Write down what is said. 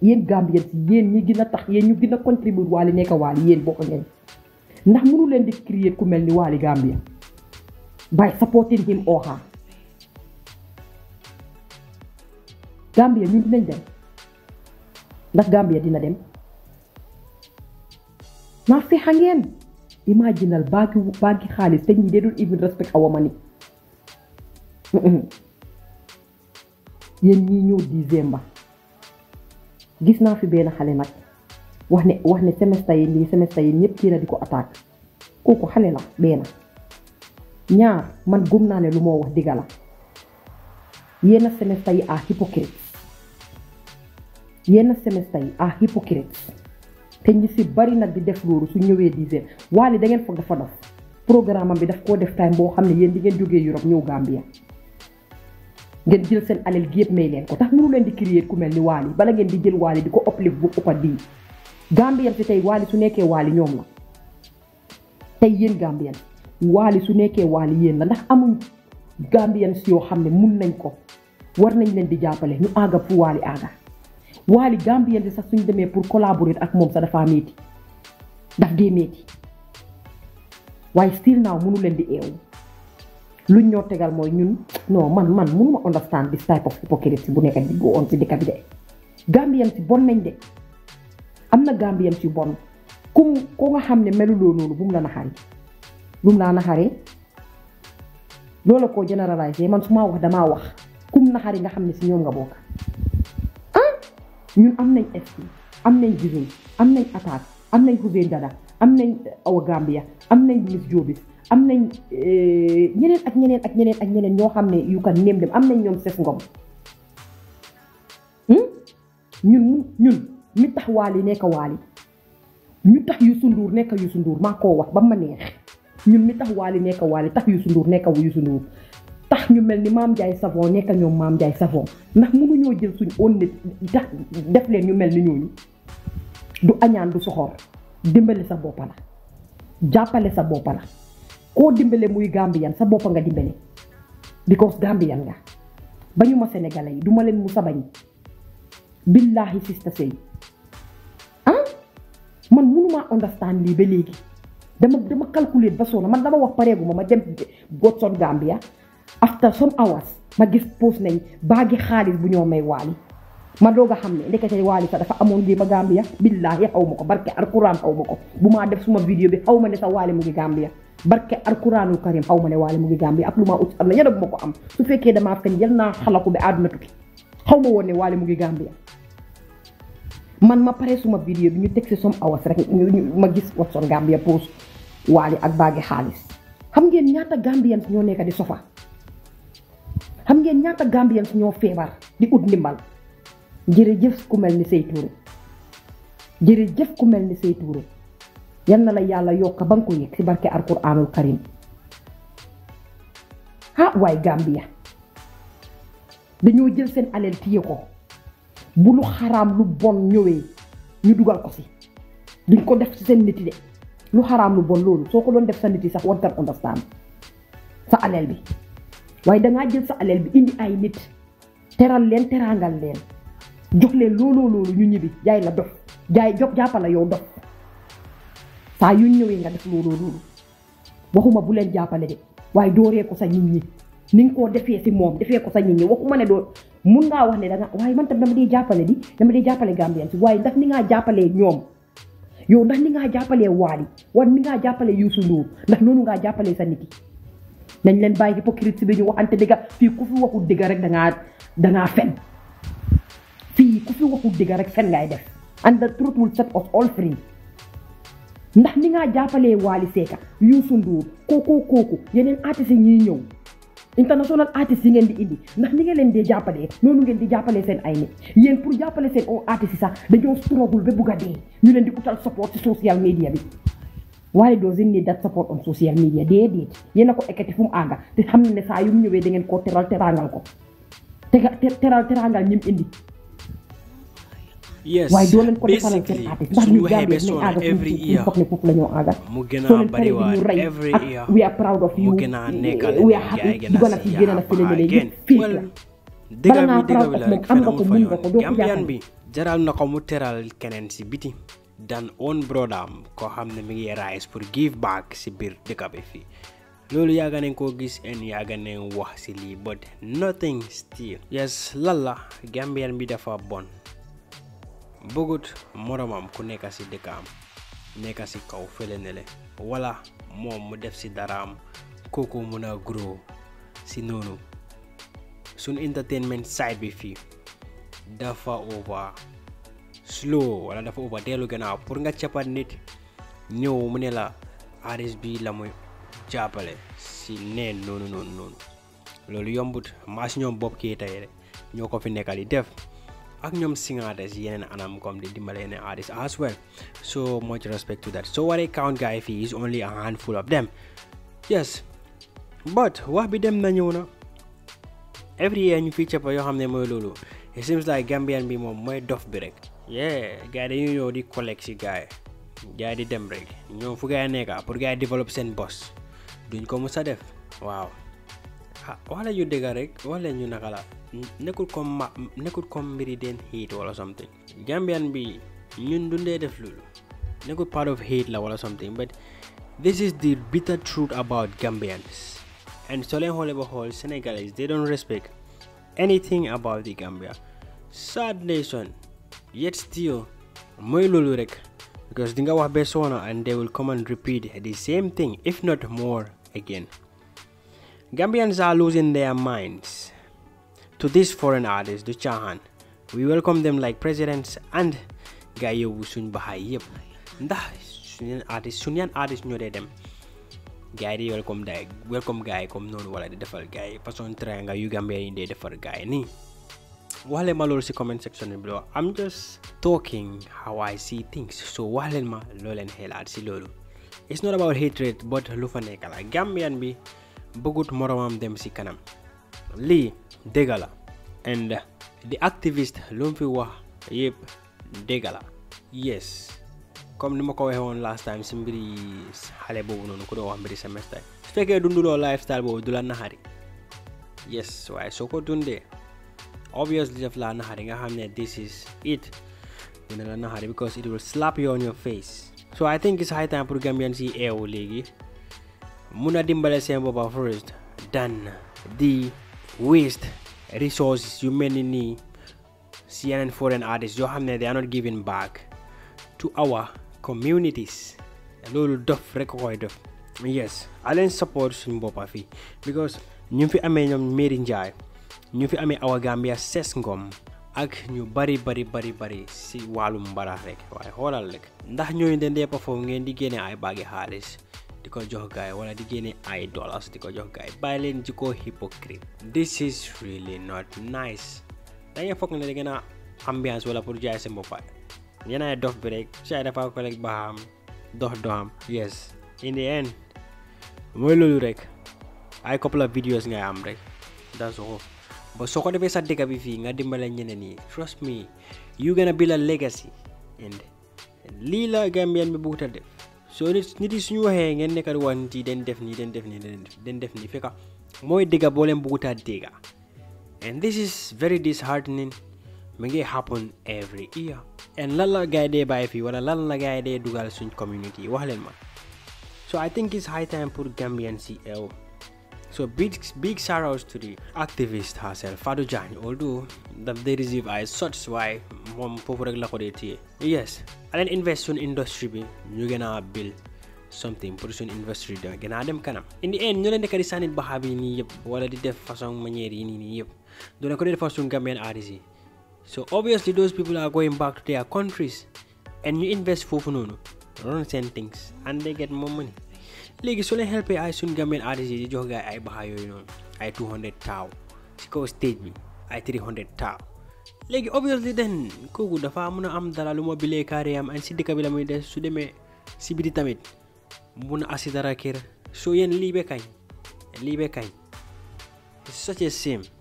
yéen Gambien si ñi gën tax yéen ñu gën a contribuer waali nekk waali yéen bokk ngeen ndax mënu leen di créer ku mel ni waali Gambia by supporting him or her Gambia ñun dinañ dem ndax Gambia dina dem naa fexa ngeen imaginal baagi baagi xaalis te ñi dee doon even respect awa ma ni yéen ñii ñëw décembre gis naa fi benn xale nag wax ne wax ne semestre yi lii semestre yi ñëpp kii na di ko attaque kooku xale la benn ñaar man gëm naa ne lu moo wax digga la yenn semestre yi à hypocrite yenn semestre yi à hypocrite te ñi si bari nag di def loolu su ñëwee dixième waale da ngeen foog dafa dof programme bi daf koo def time boo xam ne yéen di ngeen jógee Europe ñëw Gambia ngeen jël seen alal gi yëpp may leen ko tax mënu leen di créer ku mel ni Wally bala ngeen di jël Wally di ko uplift bu uppat bii Gambien fi tey Wally su nekkee Wally ñoom la tey yéen Gambien Wally su nekkee Wally yéen la ndax amuñ Gambien si yoo xam ne mun nañ ko war nañ leen di jàppale ñu àgga fu Wally àgga Wally Gambien si sax suñ demee pour collaborer ak moom sax dafaa metti daf dee metti waaye still naaw mënu leen di eewu luñ ñoo tegal mooy ñun non man man mënuma understand this type of hypocrisy bu nekk di go on si dëkk bi de. Gambien si bon nañ de am na Gambien si bon ku ku nga xam ne meluloo noonu bu mu la naxari bu mu laa naxaree loola koo généraliser man su ma wax damaa wax kum naxari nga xam ne si ñoom nga bokk ah ñun am nañ esprit am nañ vision am nañ attaque am nañ Hussein Dada. am nañ Awa Gambia am nañ Miss Joobis am nañ eh, ñeneen ak ñeneen ak ñeneen ak ñeneen ñoo xam ne yu kan néem dem am nañ ñoom Sef Ngom hmm? ñun ñun mi tax waali nekk waali ñu tax Youssou Ndour nekk Youssou Ndour maa koo wax ba ma neex ñun mi tax waali nekk waali tax Youssou Ndour nekk Youssou Ndour tax ñu mel ni Maam Njaay Savon nekk ñoom Maam Njaay Savon ndax mënuñoo jël suñ oon nit tax def leen ñu mel ni ñooñu du añaan du soxor dimbale sa bopp la jàppale sa bopp la koo dimbale muy Gambian sa bopp nga dimbale because Gambian nga bañu ma Sénégalais yi du ma leen musa bañ billaahi sista sey ah man mënumaa understand lii ba léegi dama dama calculer ba soona man dama wax pareegu ma ma dem Godson Gambia after some hours ma gis post nañ baagi xaalis bu ñoo may waali ma doog a xam ne ndekete waali sax dafa amoon jéem a Gambia billaahi xaw ma ko barke alquran xaw ma ko bu maa def suma vidéo bi xaw ma ne sa waali mu ngi Gambia barke alquranul karim xaw ma ne waali mu ngi Gambia ak lu am na yàlla bu ma am su fekkee damaa fen naa xalaku bi àdduna tukki xaw ma woon ne waali mu ngi Gambia man ma pare suma vidéo bi ñu teg si som awas rek ma gis Watson Gambia post waali ak baagi xaalis xam ngeen ñaata Gambian ñoo nekk di sofa xam ngeen ñaata su ñoo feebar di ut ndimbal jërëjëf ku mel ni Sey Touré jërëjëf ku mel ni Sey Touré yal na la yàlla yokka ba nga ko yëg ci barke alquraanul karim ah waay Gambia dañoo jël seen alal téye ko bu lu xaraam lu bon ñëwee ñu dugal ko si duñ ko def ci seen nit de lu xaraam lu bon loolu soo ko doon def sa nit yi sax war nga understand sa alal bi waaye dangaa jël sa alal bi indi ay nit teral leen teraangal leen. jox leen looloo loolu ñu ñibbi jaay la dof jaay jox jàppa la yow dof saa yu ñëwee nga def looloo loolu waxuma bu leen jàppale de waaye dooree ko sa nit ñi ni nga koo defee si moom defe ko sa nit ñi waxuma ne doo mun ngaa wax ne danga waaye man tam dama dee jàppale di dama dee jàppale Gambien si waaye ndax ni ngaa jàppalee ñoom yow ndax ni ngaa jàppalee Waali war ni ngaa jàppalee Youssou ndax noonu ngaa jàppalee sa nit yi nañ leen bàyyi hypocrite bi ñu waxante dëgga fii ku fi waxul dëgga rek dangaa dangaa fen fi waxul dëgg rek fen ngay def and the truth will set us all free ndax ni ngaa jàppalee Wally Seck Youssou Ndour ko kooku yeneen artistes yi ñuy ñëw international artistes yi ngeen di indi ndax ni ngeen leen dee jàppalee noonu ngeen di jàppale seen ay nit yéen pour jàppale seen o artistes yi sax dañoo struggle ba bugg dee ñu leen di utal support ci social media bi Wally doesn't need that support on social media déedéet yen a ko ekkati fu mu àgga te xam ne ne saa yu mu ñëwee da ngeen koo teral terangal ko te teral terangal ñi yes waaye doo leen ko defalal seen aada ndax ñu bi jaral na ko mu teral keneen si biti dan own am koo xam ne mi ngi rise pour give back si biir dëkk bi fii loolu yàgg nañ ko gis en yàgg nañ wax si lii but nothing still yes lan la bi dafa bon bëggut moroomam ku nekk si dëkkaam nekk si kaw fële ne wala moom mu def si am kooku mun a grow si noonu sunu entertainment side bi fii dafa over slow wala dafa over dellu gannaaw pour nga cappat nit ñëw mu ne la artiste bi la muy jàppale si neen noonu noonu loolu yombut maa si ñoom bopp kii tey ñoo ko fi nekkal di def ak ñoom singades yeneen anam comme di dimbale yeneen artist as well so much respect to that so what i count guy fee is only a handful of them yes but wax bi dem na na every year ñu feature pa yoo xam ne mooy loolu it seems like gambian bi moom mooy dof bi rek yeah gars dañuy ñëw di collect si gars gars di dem rek ñoom fu gars nekka pour gars develop seen boss duñ ko musa def waaw wax la ñu dëgga rek wax la ñu naka la nekkul comme ma nekkul comme mbiri den hate wala something Gambian bi ñun dundee def loolu nekkul part of hate la wala something but this is the bitter truth about Gambians and soo leen xoolee ba Senegalese they don't respect anything about the Gambia sad nation yet still mooy loolu rek because dinga wax be and they will come and repeat the same thing if not more again Gambians are losing their minds to these foreign artists, the Chahan. We welcome them like presidents and gayo suñ baxaay yëpp ndax suñeen artiste suñ yan artiste ñoo dee welcome day welcome gars come no noonu wala di defal gars yi façon triangle yu Gambia yi dee defar gars yi nii wax leen ma loolu si comment section below I'm just talking how I see things so wale leen ma loo leen xelaat si loolu it's not about hatred but lu kala Gambian bi bëggut moromam dem ci kanam li dégala and the activist lu mu fi wax yépp dégala yes comme ni ma ko waxee last time si mbiri xale boobu noonu ko doon wax mbiri semester su fekkee dunduloo lifestyle boobu du la naxari yes waaye soo ko dundee obviously def laa naxari nga xam ne this is it dina la naxari because it will slap you on your face so I think it's high time pour Gambian si eewu léegi mun a dimbale seen boppa first than di waste resources yu mel ni nii si yeneen foreign artists yoo xam ne they are not giving back to our communities loolu dof rek koy dof yes a support suñu boppa fii because ñu fi amee ñoom Mary Njie ñu fi amee Awa Gambia Ses Ngom ak ñu bari bari bari bari si wàllum mbalax rek waaye xoolal rek ndax ñoo den dee perform ngeen di génne ay baagi xaalis di ko jox gaay wala di gene ay dollars di ko jox gaay bàyyi leen hypocrite this is really not nice da nga fokk ne da ambiance wala pour jaay sa boppa ñena ay dof bi rek baham, dafa ko lek baam dox yes in the end mulu lolu rek ay couple of videos ngay am rek that's all ba soko sate sa diga bi fi nga dimbalé ñeneen yi trust me you gonna build a legacy and lila Gambian bi bu def so nit nit yi suñu waxee ngeen nekkat wanti den def nii den def nii den def nii fekka mooy dégga boo leen bëggutaa dégga and this is very disheartening mi ngi happen every year and lan la gaay dee bàyyi fii wala lan la gaay dee dugal suñ community wax leen ma so I think it's high time pour gambian yi so big big shout outs to the activist herself, Fadu Jan, although that they receive a such why mom popular ko Yes, and investment industry bi gonna build something production industry da gëna dem kanam in the end ñu leen nekk di sànnit baxa bi nii yëpp wala di def façon manière yi nii nii yëpp du ko def so obviously those people are going back to their countries and you invest foofu noonu run same things and they get more money léegi su leen helpee ay suñ gameen artiste yi di jox gaay ay baxa yooyu noonu ay 200 taaw si kaw stage bi ay 300 taaw léegi obviously de kooku dafa mun a am dara lu ma bilee carré am si dëkk bi la muy des su demee si biti tamit mun a assi dara kër soo yéen lii be kañ lii be kañ such a shame